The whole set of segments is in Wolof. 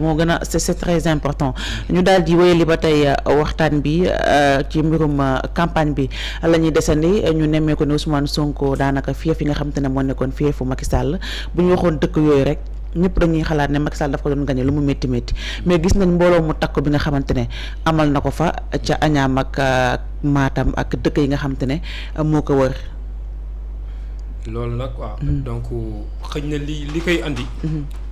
moo gën a c'est très important ñu daal di wéyali ba tey euh, waxtaan bi euh, ci mbirum euh, campagne bi la ñuy desandi ñu nemmee ko ne Ousmane Sonko daanaka fief yi nga xam ne moo nekkoon fiefu Macky Sall bu ñu waxoon dëkk yooyu rek ñëpp dañuy xalaat ne Macky Sall dafa ko doon gagné lu mu métti métti mais gis nañ mbooloo mu takk bi nga xamante ne amal na ko fa ca Añaam ak maatam ak dëkk yi nga xam ne moo ko wër. loolu nag waaw. Mm-hmm. donc xëy na li li koy andi. Mm-hmm.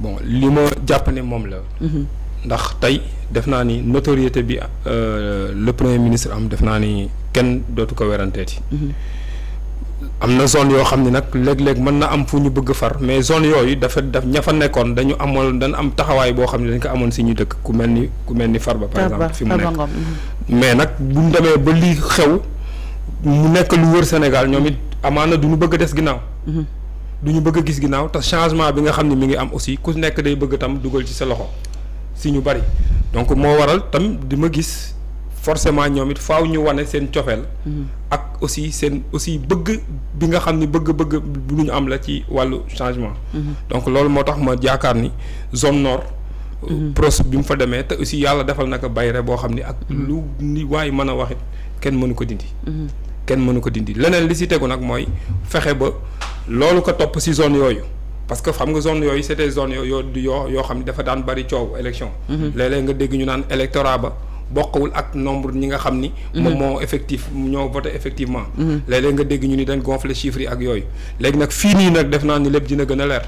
bon li ma jàpp ne moom la. Mhm. ndax tey def naa ni notoriété bi euh, le premier ministre am def naa ni kenn dootu ko weranteeti. Mhm. am na zone yoo xam ne nag léeg-léeg mën na am fu ñu bëgg far mais zone yooyu dafa daf ña fa nekkoon dañu amoon dañ am taxawaay boo xam ne dañ ko amoon si ñu dëkk ku mel ni ku mel ni far ba par exemple fi mu nekk mhm. mais nag bu ñu demee ba lii xew mu nekk lu wër Sénégal ñoom it amaana du ñu bëgg a des ginnaaw. du ñu bëgg gis ginnaaw te changement bi nga xam ne mu ngi am aussi ku nekk day bëgg tam dugal ci sa loxo si ñu bari donc moo waral tam di ma gis forcément ñoom it faaw ñu wane seen cofeel mm-hmm. ak aussi seen aussi bëgg bi nga xam ni bëgg-bëgg lu ñu am la ci wàllu changement mm-hmm. donc loolu moo tax ma jaakaar ni zone nord mm-hmm. pros bi mu fa demee te aussi yàlla defal na ko rek boo xam ni ak lu ni waaye mën a waxit kenn mënu ko dindi kenn mënu ko dindi leneen li si tegu nag mooy fexe ba loolu ko topp si zone yooyu parce que xam nga zone yooyu c' était zone yoo yoo yoo xam ne dafa daan bëri coow élection. Mhm. léeg nga dégg ñu naan électorat ba. bokkawul ak nombre ñi nga xam ni. Mhm. moom moo effectif ñoo voté effectivement. Mhm. léeg nga dégg ñu ni dañ gonfler chiffres yi ak yooyu léegi nag fii nii nag def naa ni lépp dina gën a leer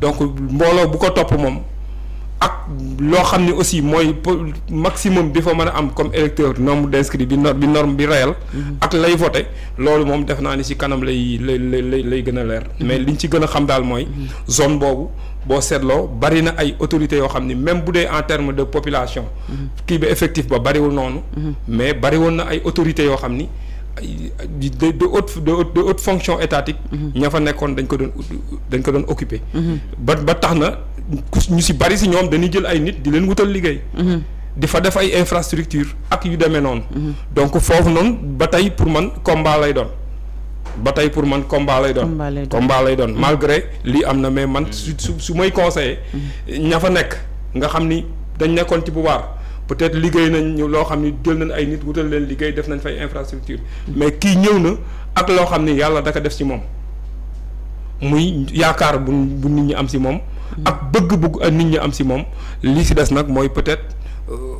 donc mbooloo bu ko topp moom. ak loo xam ne aussi mooy po maximum bi fa mën a am comme électeur nombre d'inscrits bi bi norme bi réel mm-hmm. ak lay voté loolu moom def naa ni ci kanam lay lay lay gën a leer mm-hmm. mais liñ ci gën a xam daal mooy mm-hmm. zone boobu boo seetloo bari na ay autorités yoo xam ni même bu dee en terme de population kii ba effectif ba bariwul noonu mais bari woon na ay autorités yoo xam ni ay de de haute de haute de haute fonction étatique. Mhm. ña fa nekkoon dañ ko doon dañ ko doon occupé. Mhm. ba ba tax na ñu si bari si ñoom dañuy jël ay nit di leen wutal liggéey. Mhm. dafa def ay infrastructure ak yu demee noonu. donc foofu noonu ba tey pour man combat lay doon. ba tey pour man combat lay doon combat lay doon malgré lii am na mais man su su may conseillé. ña fa nekk nga xam ni dañ nekkoon ci bu pouvoir peut-être liggéey nañ ñu loo xam ni jël nañ ay nit wutal leen liggéey def nañ fay infrastructure mais kii ñëw na ak loo xam ni yàlla daka def ci moom muy yaakaar bu bu nit ñi am ci moom ak bëgg-bëgg nit ñi am ci moom li ci des nag mooy peut-être euh,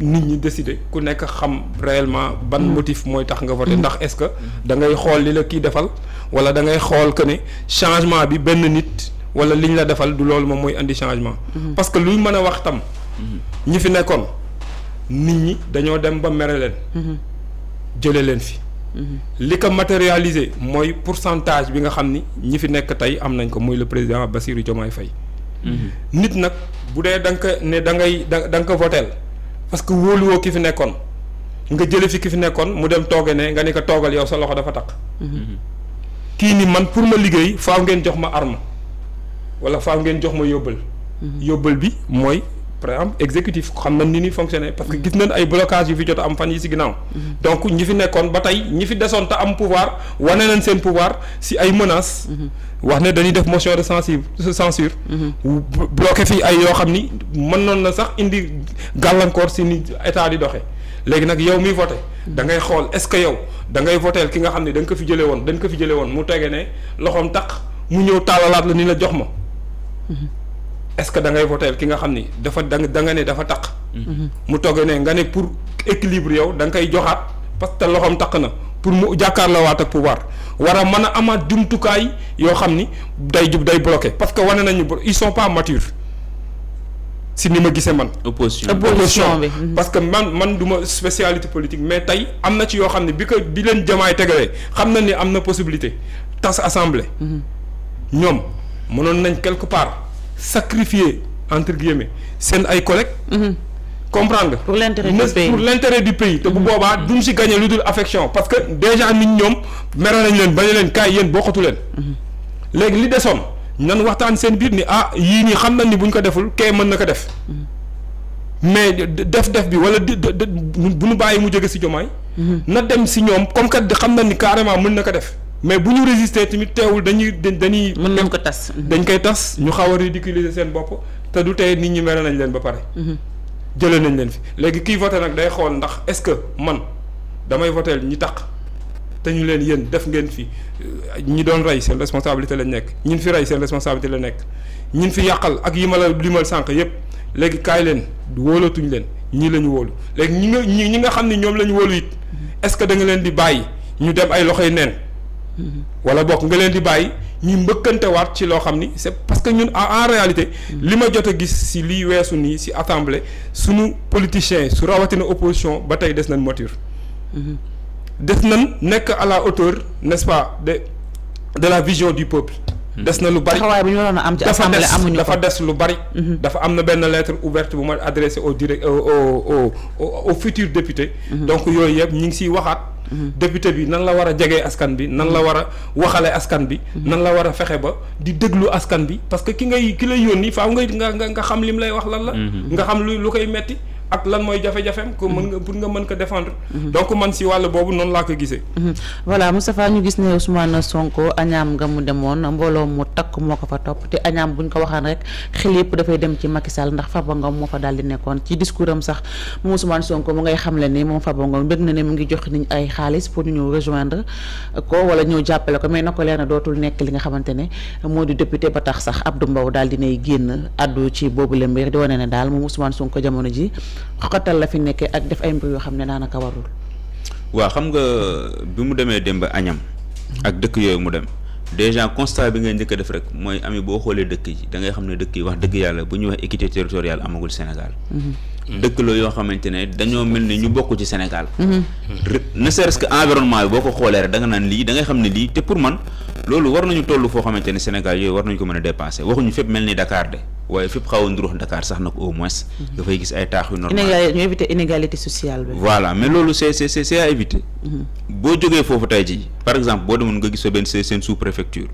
nit ñi décider ku nekk xam réellement ban motif mooy tax nga voté ndax est-ce que da ngay xool li la kii defal walla da ngay xool que ne changement bi benn nit walla liñ la defal du loolu moom mooy indi changement mm-hmm. parce que luy mën a wax tam mm-hmm. ñi fi nekkoon nit ñi dañoo dem ba mere leen. Mhm. jëlee leen fi. Mhm. li ko matérialiser mooy pourcentage bi nga xam ni ñi fi nekk tey am nañ ko muy le président Bassirou Diomaye Faye. Mhm. nit nag bu dee da nga ko ne da ngay da da ko voteel parce que wóoluwoo ki fi nekkoon nga jële fi ki fi nekkoon mu dem tooge ne nga ne ko toogal yow sa loxo dafa takk. kii ni man pour ma liggéey faaw ngeen jox ma arme wala faaw ngeen jox ma yóbbal. yóbbal bi mooy. par exemple exécutif xam nañ ni ñuy fonctionner parce que gis nañ ay blocage yu fi jot am fan yi ci ginnaaw. Mhm. donc ñi fi nekkoon ba tey ñi fi desoon te am pouvoir wane nañ seen pouvoir si ay menaces. Mhm. wax ne dañuy def motion de censure censure mhm. bloqué fii ay yoo xam ni mën noon na sax indi gàllankoor si ni état di doxe léegi nag yow miy voté da ngay xool est-ce que yow da ngay voteel ki nga xam ne da ko fi jëlee woon dañ ko fi jëlee woon mu tege ne loxoom tax mu ñëw tàllalaat la ni la jox ma est-ce que dangay ngay ki nga xam ni dafa danga da ne dafa taq mm-hmm. mu togg ne nga ne pour équilibre yow da nga koy joxaat parce que loxoom taq na pour mu jàkkaarloowaat ak pouvoir war a mën a amaat jumtukaay yoo xam ni day jub day bloqué parce que wane nañu ils sont pas matures si ni ma gisee man. opposition opposition bi mm-hmm. parce que man man du ma spécialité politique mais tey am na ci yoo xam ne bi ko bi leen jamaay tegalee xam na ni am na possibilité tas assemblée. Mm-hmm. ñoom mënoon nañ quelque part. sacrifier entre guillemets seen ay collègues. Mhm. comprendre nga. pour l'intérêt du pays pour l'intérêt du pays te bu mhm. boobaa mhm. duñ si gagné lu dul affection parce que déjà nit ñoom mere nañ leen bañ leen kaay yéen bokkatu leen. léegi li desoon nan waxtaan seen biir ni ah yii nii xam na ni buñ ko deful kay mën na ko def. mais def-def bi wala di bu ñu bàyyi mu jóge si jomaay. na dem si ñoom comme kat xam na ni carrément mën na ko def. mais bu ñu résister tamit teewul dañuy dañuy. mën nañ ko tas. dañ koy tas ñu xaw a ridiculiser seen bopp te du tey nit ñi mere nañ leen ba pare. Mhm. jëlee nañ leen fi léegi kiy voté nag day xool ndax est-ce que man damay voté ñi taq te ñu leen yéen def ngeen fi euh, ñi doon rey seen responsabilité lañ nekk ñin fi rey seen responsabilité la nekk ñin fi yàqal ak yi ma la limal sànq yépp léegi kaay leen wóolatuñ leen ñii la ñu wóolu léegi ñi nga ñi nga xam ne ñoom la ñu wóolu est-ce que da nga leen di bàyyi ñu dem ay loxoy neen. wala bokk nga leen di bàyyi ñu mbëkkantewaat ci loo xam ni c'est parce que ñun en réalité. li ma jot a gis si liy weesu nii si assemblée suñu politicien su rawatina opposition ba tey des nañ moteur. Mm-hmm. des na nekk à la hauteur n'est-ce pas de de la vision du peuple. des na lu bari taxawaay bu ñu waroon am ci assemblée amuñu ko dafa des lu bari. Mhm. dafa am na benn lettre ouverte bu ma adressé au direct au au futur député. Mhm. donc yooyu yëpp ñu ngi siy waxaat. Mhm. député bi nan la war a jegee askan bi nan la war a waxale askan bi. nan la war a fexe ba di déglu askan bi parce que ki ngay ki lay yónni faaw nga nga nga xam li mu lay wax lan la. nga xam lu lu koy metti ak lan mooy jafe-jafeem ko mën nga pour nga mën ko défendre donc man si wàll boobu noonu laa ko gisee voilà Moustapha ñu gis ne Ousmane Sonko añaam nga mu demoon mbooloo mu takk moo ko fa topp te añaam buñ ko waxaan rek xel yëpp dafay dem ci Macky Sall ndax Farba nga moo fa daal di nekkoon ci discours am sax mu Ousmane Sonko mu ngay xamle ni moom Farba Ngom bëgg na ne mu ngi jox niñ ay xaalis pour ñu ñëw rejoindre ko wala ñëw jàppale ko mais na ko leer dootul nekk li nga xamante ne moo di député ba tax sax Abdou Mbow daal dinay génn addu ci boobu la mbir wane ne daal moom Ousmane Sonko jamono ji xoxatal la fi nekkee ak def ay mbir yoo xam ne daanaka warul. waaw xam nga bi mu demee dem ba añam ak dëkk yooyu mu dem déjà constat bi ngay njëkk a def rek mooy ami boo xoolee dëkk yi da ngay xam ne dëkk yi wax dëgg yàlla bu ñuy wax équité territoriale amagul Sénégal. Mhm. dëkk la yoo xamante ne dañoo mel ni ñu bokk ci Sénégal. Mhm. ne serait-ce que environnement boo ko xoolee rek da nga naan lii da ngay xam ne lii te pour man loolu war nañu toll foo xamante ne Sénégal yooyu war nañu ko mën a dépasser waxuñu fépp mel ni Dakar waaye fépp xawoon ndurux Dakar sax nag au moins. Mhm. dafay gis ay taax yu normal inégalité ñu éviter inégalité sociale bi. voilà mais loolu c' est c' est c' éviter. Mhm. boo jógee foofu tey jii par exemple boo demoon nga gis benn seen sous préfecture.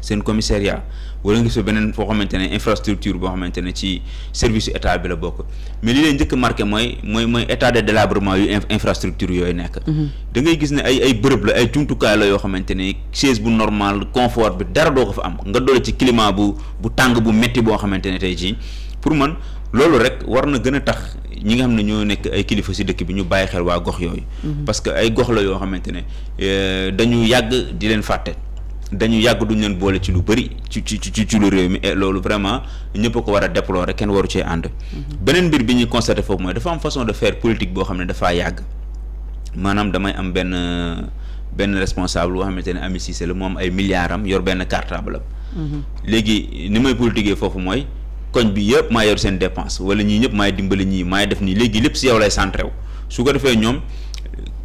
seen commissariat wala nga gis fa beneen foo xamante ne infrastructure boo xamante ne ci service état bi la bokk mais li leen njëkk marqué mooy mooy mooy état de délabrement yu infrastructure yooyu nekk mhm. da ngay gis ne ay ay bërëb la ay jumtukaay la yoo xamante ne chaise bu normal confort bi dara doo ko fa am nga doole ci climat bu bu tàng bu métti boo xamante ne tey jii pour man loolu rek war na gën a tax ñi nga xam ne ñoo nekk ay kilifa si dëkk bi ñu bàyyi xel waa gox yooyu mhm. parce que ay gox la yoo xamante ne euh, dañu yàgg di leen fàtte dañu yàgg duñ leen boole ci lu bëri ci ci ci ci lu réew mi loolu vraiment ñëpp ko war a déplorer kenn waru cee ànd. Mm-hmm. beneen mbir bi ñuy constaté foofu mooy dafa am façon de faire politique boo xam ne dafaa yàgg maanaam damay am benn benn responsable boo xamante ne Ami Cissé la moom ay milliards am yor benn cartable am. Mm-hmm. léegi ni may politiquer foofu mooy koñ bi yëpp maa yor seen dépense wala ñii ñëpp maay dimbali ñii maay def nii léegi lépp si yow lay centré wu su ko defee ñoom.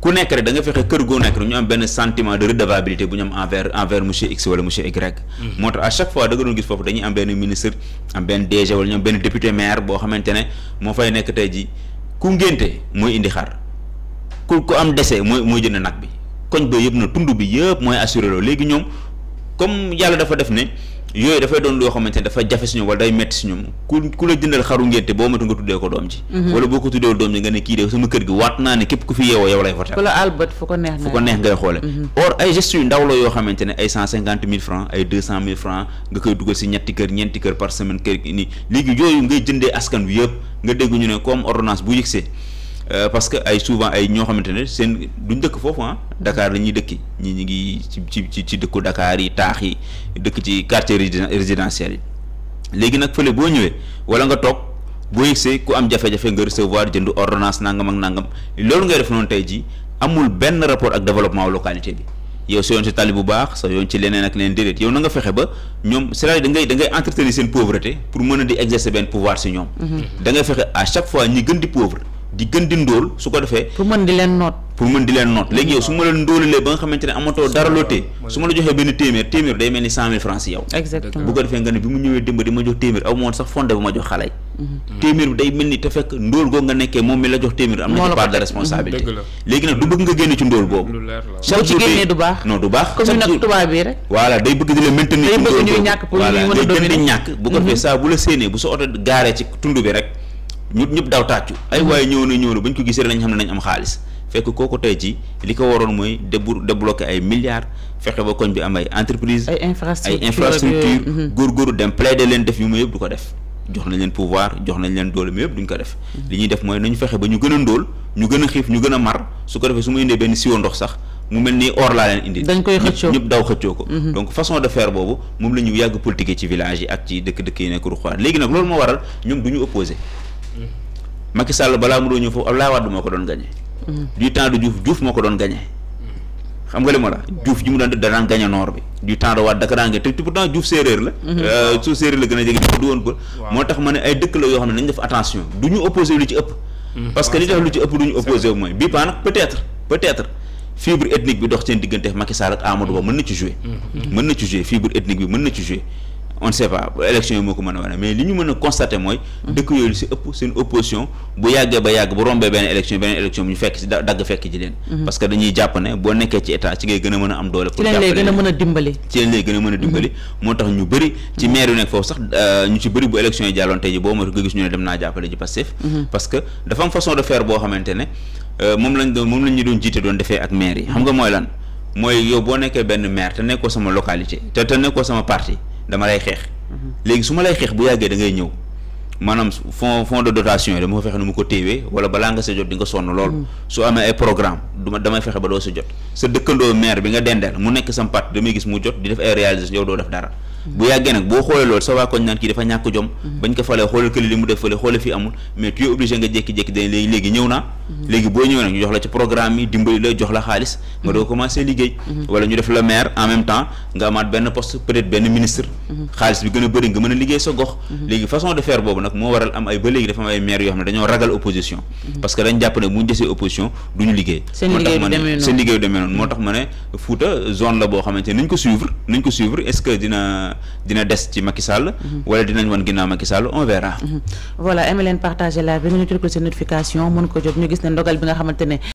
ku nekk rek da nga fexe kër goo nekk rek ñu am benn sentiment de redevabilité bu ñu am envers envers monsieur X wala monsieur Y. Mm-hmm. moo tax à chaque fois da nga doon gis foofu dañuy am benn ministre am benn DG wala ñu am benn député maire boo xamante ne moo fay nekk tey ji ku ngénte mooy indi xar ku ku am dese mooy mooy jënd nag bi koñ boobu yëpp na tund bi yëpp mooy assuré loolu léegi ñoom comme yàlla dafa def ni yooyu dafay doon loo xamante ne dafa jafe si ñoom wala day metti si ñoom ku ku la jëndal xaru ngénte boo matu nga tuddee ko doom ji mhm. wala boo ko tuddee doom ji nga ne kii de sama kër gi waat naa ne képp ku fi yeewoo yow lay voté fu ko neex ngay xoole mhm. or ay gestes yu ndaw la yoo xamante ne ay cent cinquante mille francs ay deux cent mille francs nga koy dugal si ñetti kër ñeenti kër par semaine kër ni léegi yooyu ngay jëndee askan wi yëpp nga dégg ñu ne comme ordonnance bu yëgsee Euh, parce que ay souvent ay ñoo xamante ne seen du dëkk foofu ah Dakar la ñuy dëkki ñi ñu ngi ci ci ci dëkku dakaar yi taax yi dëkk ci quartier résidentiel yi léegi nag fële boo ñëwee wala nga toog boo yegsee ku am jafe-jafe nga recevoir jënd ordonnance nangam ak nangam loolu ngay def noonu tey jii amul benn rapport ak développement localité bi yow sa yoon ci tali bu baax sa yoon ci leneen ak leneen déedéet yow na nga fexe ba ñoom c'est-à-dire da ngay da ngay seen pauvreté pour mën a di exercer benn pouvoir si ñoom mm-hmm. da ngay fexe à chaque fois ñi gën di pauvre di gën di ndóol su ko defee. pour mën di leen noot. pour mën di leen noot léegi yow su ma la ndóolalee ba nga xamante ne amatoo dara loo su ma la joxee benn téeméer téeméer day mel ni cent mille francs si yow. exactement bu ko defee nga ne bi mhm. day mel ni te fekk ndóol googu nga nekkee moom mi la jox téeméer am na ci part de responsabilité léegi nag du bëgg nga génn ci ndóol boobu soo ci génnee du baax non du baax comme nag tubaab yi rek voilà day bëgg di la maintenir ñàkk a dominer ñàkk bu ko defee mhm. saa bu la séenee bu bi rek ñut ñëpp daw tàccu ay mm-hmm. waaye ñëw na ñëw na ba ñu ko gisee nañ xam ne nañ am xaalis fekk kooku tey ci li ko waroon mooy débu débloquer ay milliards fexe ba koñ bi am ay entreprise ay infrastructure mm-hmm. góorgóoru dem plaider leen def yu ma yëpp du ko def jox nañ leen pouvoir jox nañ leen doole mais yëpp duñ ko def mm-hmm. li ñuy def mooy nañu fexe ba ñu gën a ndóol ñu gën xiif ñu gën a mar su ko defee su ma indee benn siwo ndox sax mu mel ni or laa leen indi dañ koy ko donc façon de faire boobu moom la ñu yàgg politique ci village yi dëkk-dëkk yi nekk ruqaat léegi nag loolu moo waral ñoom du ñu opposé Macky Sall balaa mu doon ñëw foofu Abdoulaye Wade moo ko doon gagné. Mm. du temps de Diouf Diouf moo ko doon gagné. xam nga li ma la Diouf ji mu daan daan gagné noor bi du temps de Wade Dakar daan gagné te pourtant Diouf séeréer la. Mm-hmm. Euh, su séeréer la gën a jege du ko woon ko. moo tax ma ne ay dëkk la yoo xam ne nañ def attention du ñu opposé lu ci ëpp. Mm-hmm. parce que li tax lu ci ëpp du ñu opposé mooy bii paa nag peut-être fibre ethnique bi dox seen diggante na ci jouer mm-hmm. na on ne sait pas élection yi moo ko mën a wane mais li ñu mën a constater mooy. Mm. dëkk yooyu lu si ëpp seen opposition bu yàggee ba yàgg bu rombee benn élection beneen élection bu ñu fekk si dagg fekk ji leen. Mm-hmm. parce que dañuy jàpp ne boo nekkee ci état ci ngay gën a mën a am doole. pour jàppale ci leen lay gën a mën a dimbali. a mën a dimbali moo tax ñu bëri ci mm-hmm. maire yu nekk foofu sax euh, ñu ci bëri bu élection yi jàlloon tey ji boo moytu nga gis ñu ne dem naa jàppale ji Pastef. Mm-hmm. parce que dafa am façon euh, defee ak maire yi nga mooy lan mooy yow boo nekkee benn maire te sama localité te te sama parti dama lay xeex. léegi su ma lay xeex bu yàggee da ngay ñëw maanaam fon fon de dotation yi dama ko fexe nu mu ko téewee wala balaa nga sa jot di nga sonn lool mm. su amee ay programme du ma damay fexe ba doo sa jot. sa dëkkandoo maire bi nga dendeel mu nekk sam pat damay gis mu jot di def ay réalisation yow doo def dara. bu yàggee nag boo xoolee loolu sa waa koñ naan kii dafa ñàkk jom mhm. bañ ko falee xoolal kële li mu def fële xoolal fii amul mais tu es nga jékki-jékki dañ léegi léegi ñëw naa mhm. léegi boo ñëwee nag ñu jox la ci programme yi dimbali la jox la xaalis nga doo commencé liggéey mhm. wala ñu def la maire en même temps nga amaat benn poste peut-être benn ministre xaalis bi gën a bëri nga mën a liggéey sa gox léegi façon de faire boobu nag moo waral am ay ba léegi dafa am ay boo xamante nañ ko suivre nañ dina des ci Macky Sall. Mhm. wala dinañ wan ginnaaw Macky Sall on verra. Mhm. voilà aimé leen partager la bi ngeen di cliquer notification mën ko jot ñu gis ne ndogal bi nga xamante ne.